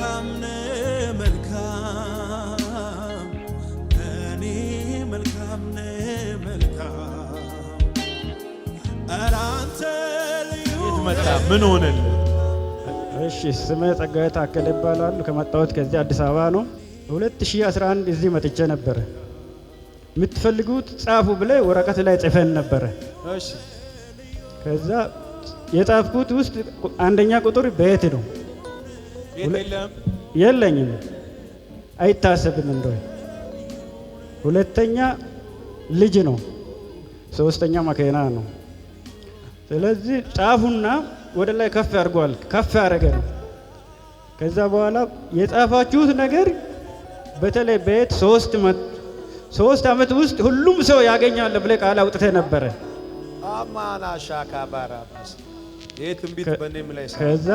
መልካም ነህ መልካም እኔ መልካም ነህ መልካም ኧረ ልዩ መጣ ምን ሆነልህ? እሺ ስሜ ጸጋዬ ታከለ ይባላሉ። ከመጣሁት ከዚህ አዲስ አበባ ነው። 2011 እዚህ መጥቼ ነበረ። የምትፈልጉት ጻፉ ብለ ወረቀት ላይ ጽፈን ነበረ። ከዛ የጻፍኩት ውስጥ አንደኛ ቁጥር ቤት ነው የለኝም፣ አይታሰብም እንደ ሁለተኛ ልጅ ነው፣ ሶስተኛ መኪና ነው። ስለዚህ ጻፉና ወደ ላይ ከፍ ያድርጓል። ከፍ ያደረገ ነው። ከዛ በኋላ የጻፋችሁት ነገር በተለይ በየት ሶስት ሶስት ዓመት ውስጥ ሁሉም ሰው ያገኛል ብለ ቃል አውጥተ ነበረ። ከዛ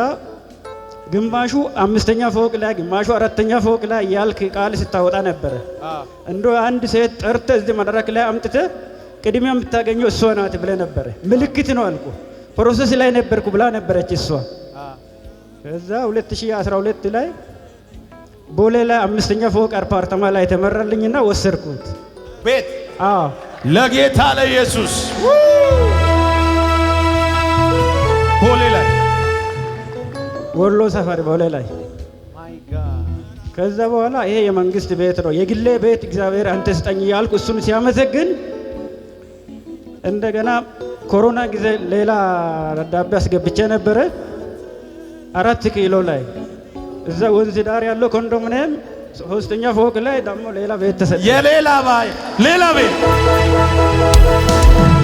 ግማሹ አምስተኛ ፎቅ ላይ ግማሹ አራተኛ ፎቅ ላይ ያልክ ቃል ስታወጣ ነበረ። እንዶ አንድ ሴት ጠርተ እዚህ መድረክ ላይ አምጥተ ቅድሚያ የምታገኘው እሷ ናት ብለ ነበረ። ምልክት ነው አልኩ። ፕሮሰስ ላይ ነበርኩ ብላ ነበረች እሷ። ከዛ 2012 ላይ ቦሌ ላይ አምስተኛ ፎቅ አፓርታማ ላይ ተመረልኝና ወሰድኩት ቤት። አዎ ለጌታ ለኢየሱስ ወሎ ሰፈር በሆነ ላይ ከዛ በኋላ ይሄ የመንግስት ቤት ነው የግሌ ቤት እግዚአብሔር አንተ ስጠኝ እያልኩ እሱን ሲያመሰግን እንደገና ኮሮና ጊዜ ሌላ ደብዳቤ አስገብቼ ነበረ። አራት ኪሎ ላይ እዛ ወንዝ ዳር ያለው ኮንዶሚኒየም ሶስተኛ ፎቅ ላይ ደግሞ ሌላ ቤት ተሰጠ። የሌላ ባይ ሌላ ቤት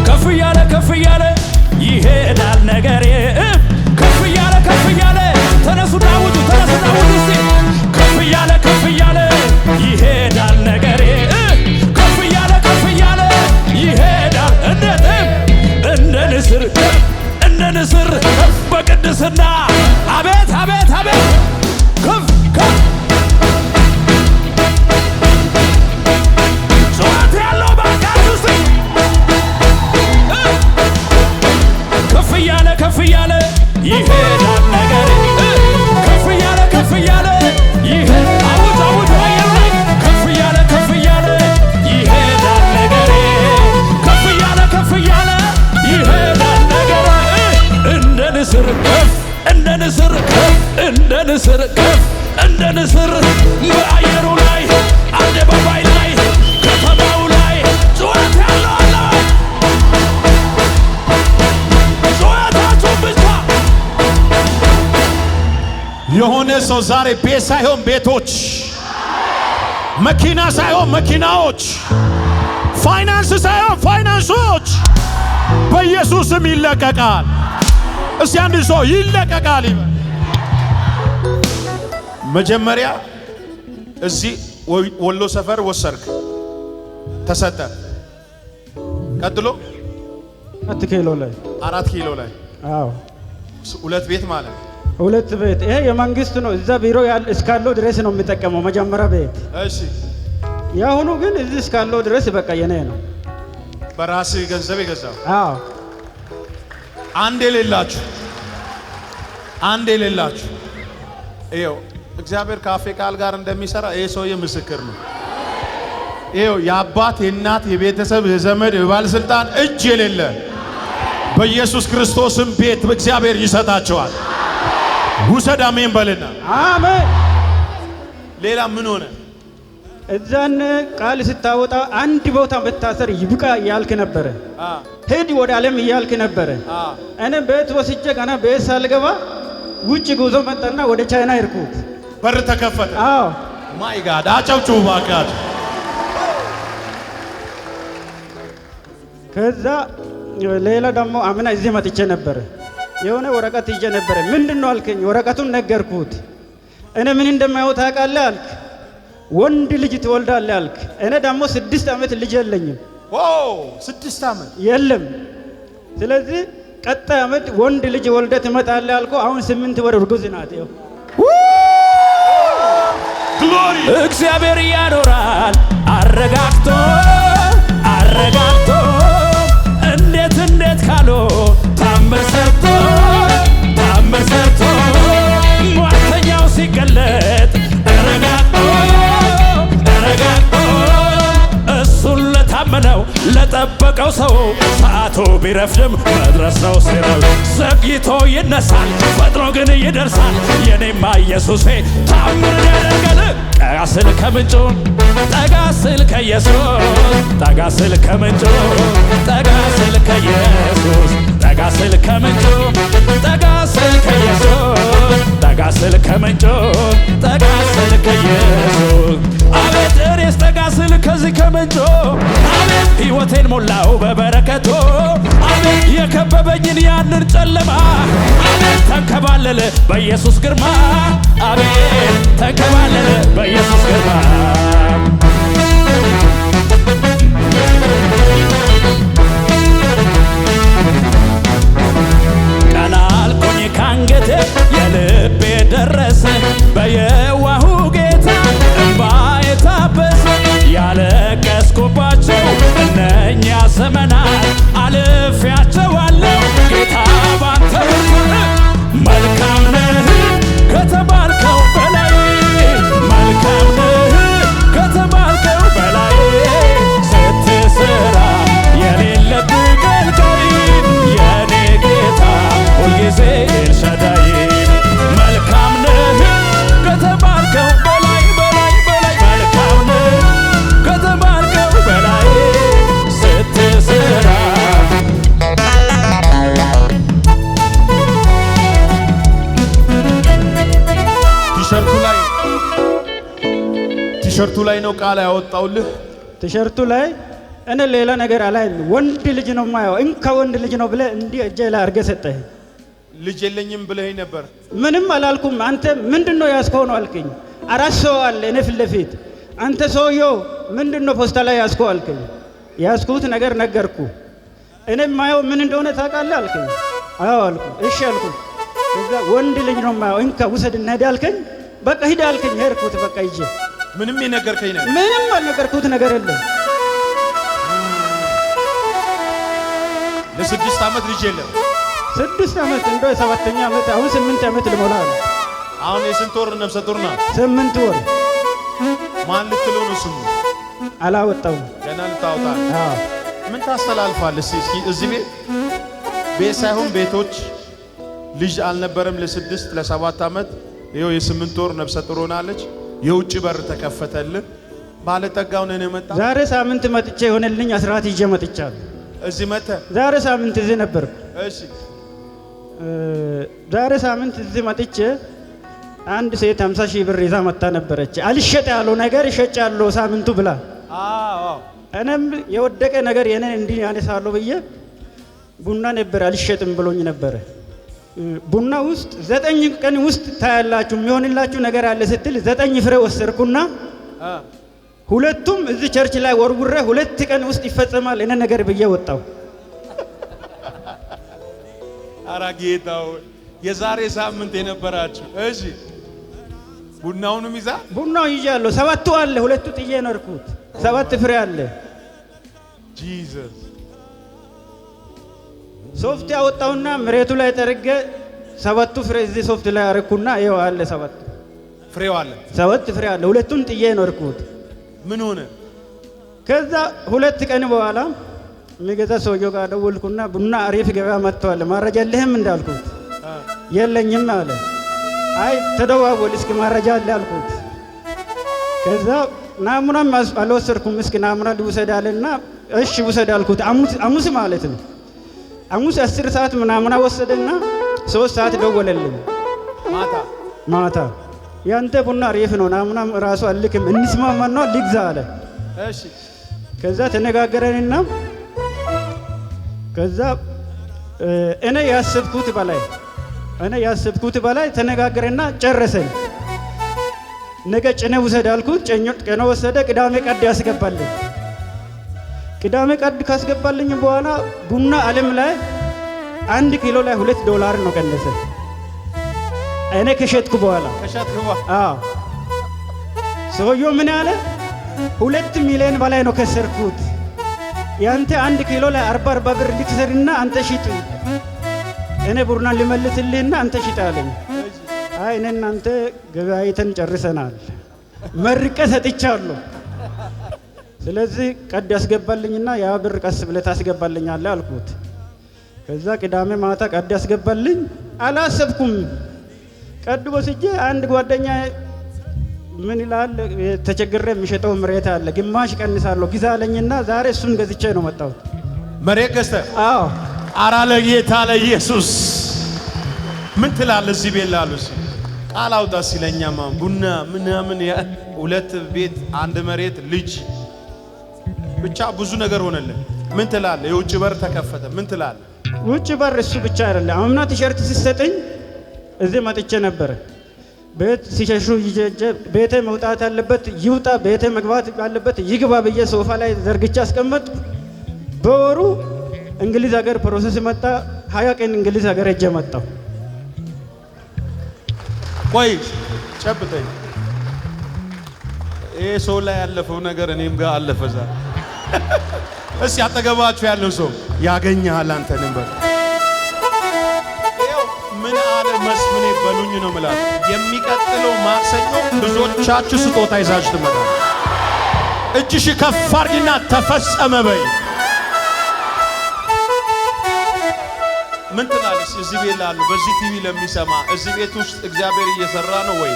ከፍ እያለ ከፍ እያለ ይሄዳል ነገሬ ተነሱ ዳውዱ ተነሱ ዳውዱ ከፍ እያለ ከፍ እያለ ይሄዳል ነገሬ ከፍ እያለ ከፍ እያለ ይሄዳል እንዴት እንደ ንስር እንደ ንስር በቅድስና አቤት ስትደገፍ እንደ ንስር በአየሩ ላይ አደባባይ ላይ ከተማው ላይ ጩኸት ያለው አለ። ጩኸታችሁ ብቻ የሆነ ሰው ዛሬ ቤት ሳይሆን ቤቶች፣ መኪና ሳይሆን መኪናዎች፣ ፋይናንስ ሳይሆን ፋይናንሶች በኢየሱስም ይለቀቃል። እስቲ አንድ ሰው ይለቀቃል ይበል። መጀመሪያ እዚህ ወሎ ሰፈር ወሰርክ ተሰጠ። ቀጥሎ አራት ኪሎ ላይ አራት ኪሎ ላይ አዎ፣ ሁለት ቤት ማለት ሁለት ቤት። ይሄ የመንግስት ነው። እዛ ቢሮ እስካለው ድረስ ነው የሚጠቀመው መጀመሪያ ቤት። እሺ፣ የአሁኑ ግን እዚህ እስካለው ድረስ በቃ የኔ ነው። በራስ ገንዘብ የገዛው አዎ። አንድ የሌላችሁ አንድ የሌላችሁ ይኸው እግዚአብሔር ካፌ ቃል ጋር እንደሚሰራ ይህ ሰውዬ ምስክር ነው። ይኸው የአባት የእናት የቤተሰብ የዘመድ የባለስልጣን እጅ የሌለ በኢየሱስ ክርስቶስም ቤት እግዚአብሔር ይሰጣቸዋል። ውሰድ አሜን በልና አሜን። ሌላ ምን ሆነ? እዛን ቃል ስታወጣ አንድ ቦታ በታሰር ይብቃ እያልክ ነበረ። ሂድ ወደ ዓለም እያልክ ነበረ። እኔ ቤት ወስጄ ገና ቤት ሳልገባ ውጭ ጉዞ መጣና ወደ ቻይና ይርኩት በር ተከፈተ። ማይ ጋድ አጨብጭቡ ባካችሁ። ከዛ ሌላ ደግሞ አምና እዚህ መጥቼ ነበረ። የሆነ ወረቀት ይዤ ነበረ። ምንድን ነው አልከኝ። ወረቀቱን ነገርኩት። እኔ ምን እንደማየው ታውቃለህ አልክ። ወንድ ልጅ ትወልዳለህ አልክ። እኔ ደግሞ ስድስት ዓመት ልጅ የለኝም። ስድስት ዓመት የለም። ስለዚህ ቀጣይ ዓመት ወንድ ልጅ ወልደ ትመጣለህ አልኮ። አሁን ስምንት ወር እርጉዝ ናት። እግዚአብሔር ያኖራል አረጋግቶ አረጋግቶ እንዴት እንዴት ካሎ ታምር ለጠበቀው ሰው ሰዓቱ ቢረፍድም መድረስ ነው ሲለው፣ ዘግይቶ ይነሳል ፈጥኖ ግን ይደርሳል። የኔማ ኢየሱሴ ታምር ያደርጋል። ጠጋ ስል ከምንጩ ጠጋ ስል ከኢየሱስ ጠጋ ስል ከምንጩ ጠጋ ስል ከኢየሱስ ጠጋ ስል ከምንጩ ጠጋ ስል ከኢየሱስ ጠጋ ስል ከምንጩ ጠጋ ስል ከኢየሱስ አቤት እኔስ ጠጋ ስል ከዚህ ከምንጩ አቤት ሕይወቴን ሞላው በበረከቱ አቤት የከበበኝን ያንን ጨለማ አቤት ተንከባለለ በኢየሱስ ግርማ አቤት ተንከባለለ በኢየሱስ ግርማ አንገቴ የልቤ ደረሰ በየዋሁ ጌታ እንባ የታበሰ ያለቀስኩባቸው እነኛ ዘመናት አልፌያቸው ቲሸርቱ ላይ ነው ቃል ያወጣውልህ። ቲሸርቱ ላይ እኔ ሌላ ነገር አላይም። ወንድ ልጅ ነው ማየው። እንካ ወንድ ልጅ ነው ብለህ እንዲህ እጄ ላይ አድርገህ ሰጠህ። ልጅ የለኝም ብለኸኝ ነበር። ምንም አላልኩም። አንተ ምንድን ነው ያዝከው ነው አልከኝ። አራት ሰው አለ እኔ ፊት ለፊት። አንተ ሰውየው ምንድን ነው ፖስታ ላይ ያስከው አልከኝ። ያስኩት ነገር ነገርኩ። እኔ ማየው ምን እንደሆነ ታውቃለህ አልከኝ። አዎ አልኩ። እሺ አልኩ። እዛ ወንድ ልጅ ነው ማየው። እንካ ውሰድ፣ እንሂድ አልከኝ። በቃ ሂድ አልከኝ። ሄድኩት በቃ ይዤ ምንም የነገርከኝ ነገር ምንም አልነገርኩት ነገር የለም። ለስድስት ዓመት ልጅ የለም። ስድስት ዓመት እንደ ሰባተኛ ዓመት አሁን ስምንት ዓመት ልሞላ ነው። አሁን የስንት ወር ነፍሰ ጡር ናት? ስምንት ወር። ማን ልትለው ነው? ስሙ አላወጣውም። ገና ልታወጣ ምን ታስተላልፋል? እስኪ እዚህ ቤት ቤት ሳይሆን ቤቶች ልጅ አልነበረም ለስድስት ለሰባት ዓመት ይኸው የስምንት ወር ነፍሰ ጡር ሆናለች። የውጭ በር ተከፈተልን። ባለጠጋው ነን የመጣ ዛሬ ሳምንት መጥቼ የሆነልኝ አስራት ይዤ መጥቻለሁ። እዚህ መተ ዛሬ ሳምንት እዚህ ነበር። እሺ ዛሬ ሳምንት እዚህ መጥቼ አንድ ሴት 50 ሺህ ብር ይዛ መጣ ነበረች። አልሸጥ ያለው ነገር እሸጥ ያለው ሳምንቱ ብላ አዎ እኔም የወደቀ ነገር የኔን እንዲህ ያነሳለሁ ብዬ ቡና ነበር አልሸጥም ብሎኝ ነበረ። ቡና ውስጥ ዘጠኝ ቀን ውስጥ ታያላችሁ የሚሆንላችሁ ነገር አለ ስትል ዘጠኝ ፍሬ ወሰድኩና ሁለቱም እዚህ ቸርች ላይ ወርውረ ሁለት ቀን ውስጥ ይፈጸማል እነ ነገር ብዬ ወጣው። ኧረ ጌታው የዛሬ ሳምንት የነበራችሁ እሺ፣ ቡናውንም ይዛ ቡናው ይዣለሁ። ሰባቱ አለ ሁለቱ ጥዬ ነርኩት። ሰባት ፍሬ አለ ጂዘስ ሶፍት ያወጣውና መሬቱ ላይ ጠርጌ ሰባቱ ፍሬ እዚህ ሶፍት ላይ አረኩና ይኸው አለ ሰባት ፍሬው አለ ሰባት ፍሬ አለ። ሁለቱን ጥዬ ነው ርኩት። ምን ሆነ? ከዛ ሁለት ቀን በኋላ የሚገዛ ሰውዬው ጋር ደወልኩና ቡና አሪፍ ገበያ መጥተዋል ማረጃ የለህም እንዳልኩት፣ የለኝም አለ። አይ ተደዋወል እስኪ ማረጃ አለ አልኩት። ከዛ ናሙና አልወሰድኩም፣ እስኪ ናሙና ልውሰድ አለና እሺ ውሰድ አልኩት። አሙስ ማለት ነው ሐሙስ አስር ሰዓት ምናምን ወሰደና ሶስት ሰዓት ደወለልን። ማታ ማታ ያንተ ቡና ሬፍ ነው ናሙና ራሱ አልክም እንስማማና ልግዛ አለ። እሺ ከዛ ተነጋገረንና ከዛ እኔ ያሰብኩት በላይ እኔ ያሰብኩት በላይ ተነጋገረና ጨረሰን። ነገ ጭነ ውሰድ አልኩት። ቀነ ወሰደ። ቅዳሜ ቀድ ያስገባልን ቅዳሜ ቀድ ካስገባልኝ በኋላ ቡና ዓለም ላይ አንድ ኪሎ ላይ ሁለት ዶላር ነው ቀነሰ። እኔ ከሸጥኩ በኋላ ሰውየው ምን ያለ ሁለት ሚሊዮን በላይ ነው ከሰርኩት። ያንተ አንድ ኪሎ ላይ አርባ አርባ ብር ልትሰርና አንተ ሽጥ፣ እኔ ቡና ልመልስልህና አንተ ሽጥ አለኝ። አይ እኔ እናንተ ገበያይተን ጨርሰናል፣ መርቀ ሰጥቻለሁ። ስለዚህ ቀድ ያስገባልኝና ያ ብር ቀስ ብለህ ታስገባልኛለህ አልኩት። ከዛ ቅዳሜ ማታ ቀድ ያስገባልኝ አላሰብኩም። ቀድ ወስጄ አንድ ጓደኛ ምን ይላል ተቸግሬ የሚሸጠው መሬት አለ ግማሽ ቀንሳለሁ አለኝና ዛሬ እሱን ገዝቼ ነው መጣሁት። መሬት ገዝተ? አዎ። አራ ለጌታ ለኢየሱስ ምን ትላለህ? እዚህ ቤት ላሉ ቃል አውጣ ሲለኛማ ቡና ምናምን ሁለት ቤት አንድ መሬት ልጅ ብቻ ብዙ ነገር ሆነልን። ምን ትላለ? የውጭ በር ተከፈተ። ምን ትላለ? ውጭ በር እሱ ብቻ አይደለም አምና ቲሸርት ሲሰጠኝ እዚህ መጥቼ ነበረ። ቤት ሲሸሹ ቤተ መውጣት ያለበት ይውጣ፣ ቤተ መግባት ያለበት ይግባ ብዬ ሶፋ ላይ ዘርግቻ አስቀመጥ። በወሩ እንግሊዝ ሀገር ፕሮሰስ መጣ። ሀያ ቀን እንግሊዝ ሀገር እጀ መጣው። ቆይ ጨብጠኝ። ይህ ሰው ላይ ያለፈው ነገር እኔም ጋር አለፈ ዛሬ እስቲ አጠገባችሁ ያለው ሰው ያገኘሃል አንተ በል። ምን አለ መስፍኔ በሉኝ ነው ምላል። የሚቀጥለው ማክሰኞ ብዙዎቻችሁ ስጦታ ይዛችሁ ትመጣ። እጅሽ ከፍ አርጊና ተፈጸመ በይ። ምን ትላለች? እዚህ ቤት ላሉ በዚህ ቲቪ ለሚሰማ እዚህ ቤት ውስጥ እግዚአብሔር እየሰራ ነው ወይ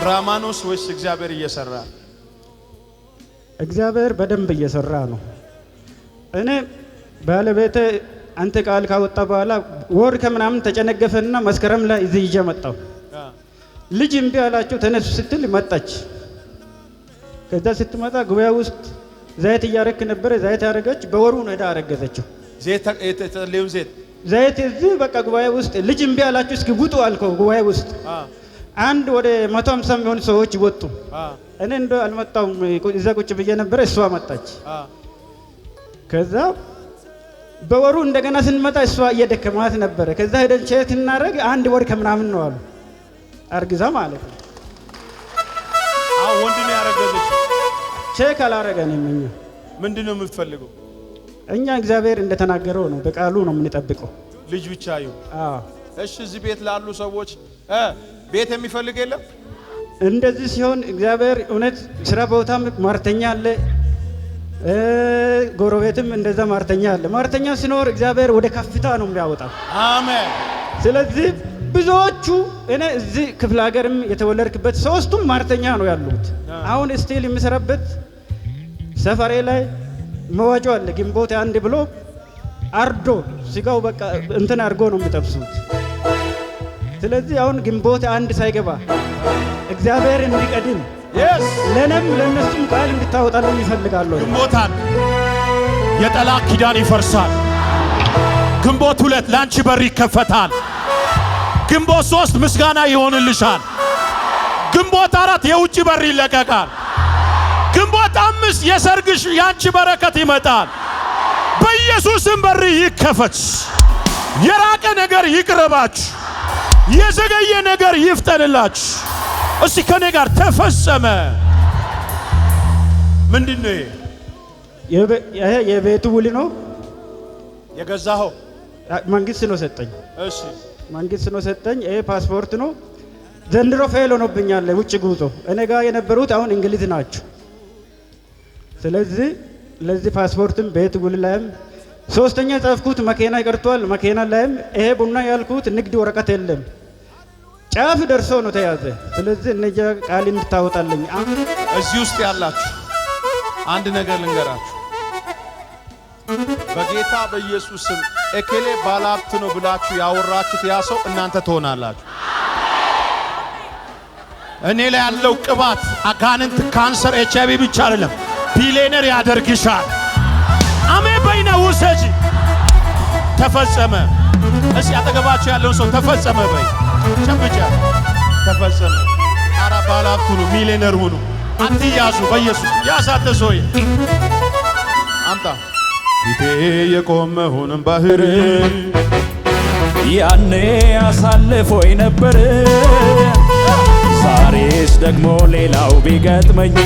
ድራማ ነውስ ወይስ እግዚአብሔር እየሰራ ነው? እግዚአብሔር በደንብ እየሰራ ነው። እኔ ባለቤት አንተ ቃል ካወጣ በኋላ ወር ከምናምን ተጨነገፈና መስከረም ላይ እዚህ ይዤ መጣሁ። ልጅ እምቢ አላቸው ተነሱ ስትል መጣች። ከዛ ስትመጣ ጉባኤ ውስጥ ዘይት እያረክ ነበረ። ዘይት ያረገች በወሩ ነዳ አረገዘችው። ዘይት ዘይት ዘይት እዚህ በቃ ጉባኤ ውስጥ ልጅ እምቢ አላችሁ እስኪ ውጡ አልከው። ጉባኤ ውስጥ አንድ ወደ መቶ ሀምሳ የሚሆኑ ሰዎች ወጡ። እኔ እንደ አልመጣሁም እዛ ቁጭ ብዬ ነበረ። እሷ መጣች። ከዛ በወሩ እንደገና ስንመጣ እሷ እየደከማት ነበረ። ከዛ ሄደን ቼክ እናደርግ አንድ ወር ከምናምን ነው አሉ። አርግዛ ማለት ነው። ወንድ ነው ያረገዘች። ቼክ አላረገንም። እኛ ምንድን ነው የምትፈልገው? እኛ እግዚአብሔር እንደተናገረው ነው፣ በቃሉ ነው የምንጠብቀው። ልጅ ብቻ ይሁን። እሺ፣ እዚህ ቤት ላሉ ሰዎች ቤት የሚፈልግ የለም እንደዚህ ሲሆን እግዚአብሔር እውነት ስራ ቦታም ማርተኛ አለ፣ ጎረቤትም እንደዛ ማርተኛ አለ። ማርተኛ ሲኖር እግዚአብሔር ወደ ከፍታ ነው የሚያወጣው። አሜን። ስለዚህ ብዙዎቹ እኔ እዚህ ክፍለ ሀገርም የተወለድክበት ሶስቱም ማርተኛ ነው ያሉት። አሁን ስቲል የምሰራበት ሰፈሬ ላይ መዋጮ አለ። ግንቦት አንድ ብሎ አርዶ ስጋው በቃ እንትን አድርጎ ነው የሚጠብሱት። ስለዚህ አሁን ግንቦት አንድ ሳይገባ እግዚአብሔር እንዲቀድም ለእኔም ለእነሱም ቃል እንድታወጣልን ይፈልጋለሁ። ግንቦት አንድ የጠላት ኪዳን ይፈርሳል። ግንቦት ሁለት ለአንቺ በር ይከፈታል። ግንቦት ሶስት ምስጋና ይሆንልሻል። ግንቦት አራት የውጭ በር ይለቀቃል። ግንቦት አምስት የሰርግሽ የአንቺ በረከት ይመጣል። በኢየሱስም በር ይከፈት። የራቀ ነገር ይቅርባችሁ የዘገየ ነገር ይፍጠንላችሁ። እስቲ ከኔ ጋር ተፈጸመ። ምንድን ነው ይሄ? የቤቱ ውል ነው የገዛሁ መንግስት ነው ሰጠኝ። እሺ መንግስት ነው ሰጠኝ። ይሄ ፓስፖርት ነው። ዘንድሮ ፌል ሆኖብኛል ውጭ ጉዞ። እኔ ጋር የነበሩት አሁን እንግሊዝ ናቸው። ስለዚህ ለዚህ ፓስፖርትም ቤት ውል ላይም ሶስተኛ ጻፍኩት። መኪና ይቀርቷል። መኪና ላይም ይሄ ቡና ያልኩት ንግድ ወረቀት የለም። ጫፍ ደርሶ ነው ተያዘ። ስለዚህ እነጃ ቃል እንድታወጣለኝ እዚህ ውስጥ ያላችሁ አንድ ነገር ልንገራችሁ። በጌታ በኢየሱስ ስም እክሌ ባለሀብት ነው ብላችሁ ያወራችሁት ያ ሰው እናንተ ትሆናላችሁ። እኔ ላይ ያለው ቅባት አጋንንት፣ ካንሰር፣ ኤች አይቪ ብቻ አይደለም ቢሊየነር ያደርግሻል። አሜ በይነ ውሰጂ ተፈጸመ። እስኪ አጠገባችሁ ያለውን ሰው ተፈጸመ በይ ጨብጨ ተፈጸመ። አራ ባለሀብት ሁኑ፣ ሚሊዮነር ሁኑ፣ አትያዙ በኢየሱስ ያሳተሰ ሆይ አምጣ ፊቴ የቆመሁንም ባህር ያኔ አሳልፎኝ ነበር። ዛሬስ ደግሞ ሌላው ቢገጥመኝ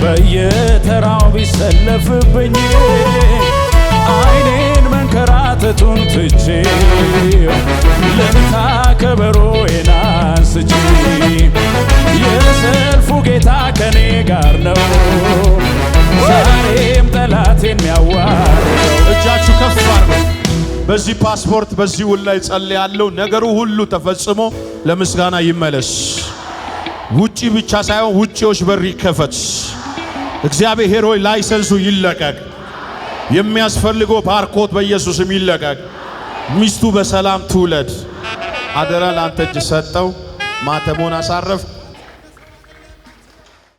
በየተራው ቢሰለፍብኝ አይኔ ሀተቱን ትቼ ለታ ከበሮ የናንስቼ የሰልፉ ጌታ ከኔ ጋር ነው ዛሬም ጠላቴን የሚያዋርደው። እጃችሁ ከፍ አድርጉ። በዚህ ፓስፖርት በዚህ ውል ላይ ጸልያለሁ። ነገሩ ሁሉ ተፈጽሞ ለምስጋና ይመለስ። ውጪ ብቻ ሳይሆን ውጪዎች በር ይከፈት። እግዚአብሔር ሆይ ላይሰንሱ ይለቀቅ። የሚያስፈልገው ባርኮት በኢየሱስ የሚለቀቅ ሚስቱ በሰላም ትውለድ። አደራ ላንተ እጅ ሰጠው። ማተሞን አሳረፍ።